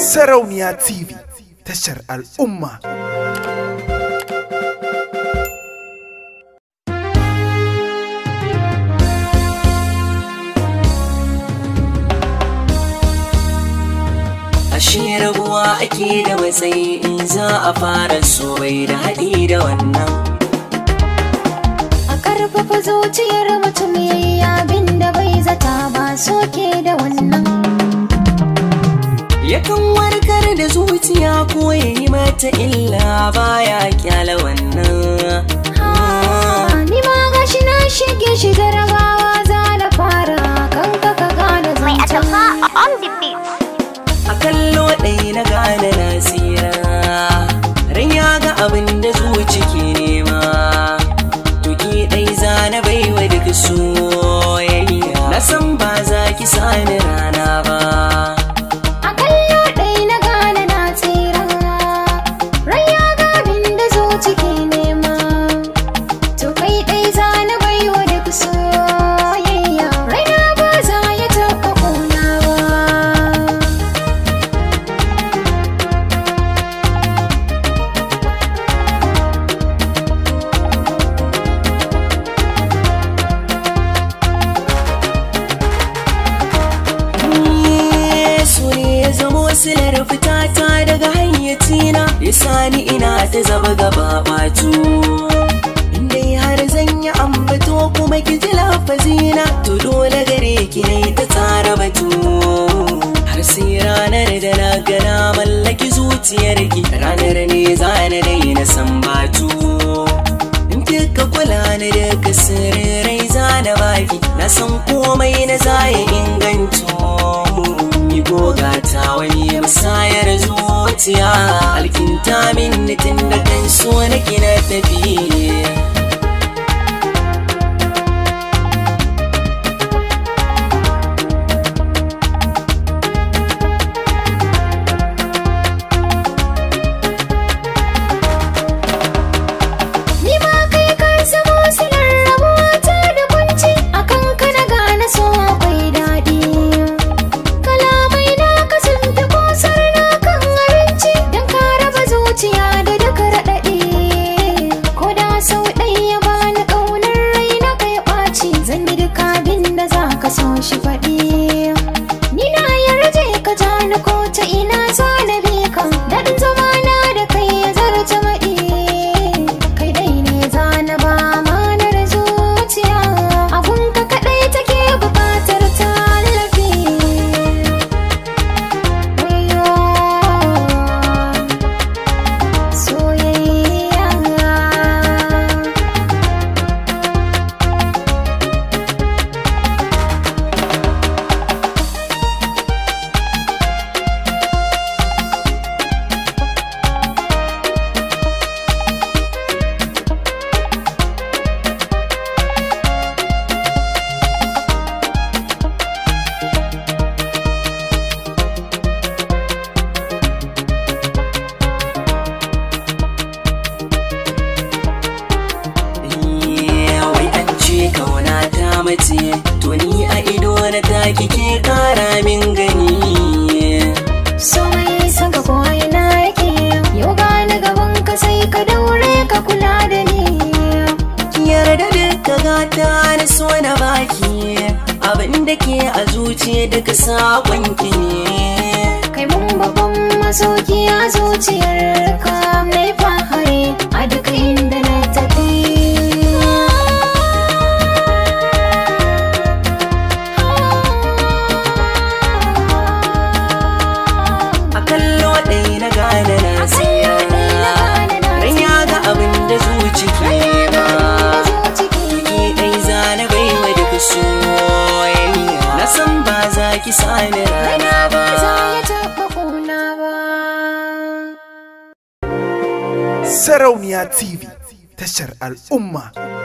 Sarauniya TV tashar al'umma. Ashe rabuwa ake da matsayi in za a fara so da haɗi da wannan. A ƙarfafa zuciyar mutum yayi abin da ba wata illa baya kyala wannan ni ma gashi na shige shi da ragawa za na fara kan ka ka gane mai atamfa on the beat a kallo ɗaya na gane nasira, ya ga abin da zuci silar fitata daga hayyacina yasa ni ina ta zama gaba batu indai har zan yi ambato kuma ki ji lafazina to dole gare ki ne ta tsara batu har sai ranar da na gana mallaki zuciyarki ranar ne za na daina san in kika kula ni daga sirrai za na baki na san komai na zaya ya inganta. goga zuciya alkinta min tun da kan so nake na mace to a ido na ta ke kara min gani so mai san ka ko ina yake yau ni gaban ka sai ka daure ka kula da ni yarda ga ta na so na baki abin da ke a zuciya duka sakon ki ne kai mun babban masoki a zuciyar ka mai fahari a duk inda na ki sani rana ba Sarauniya TV tashar al'umma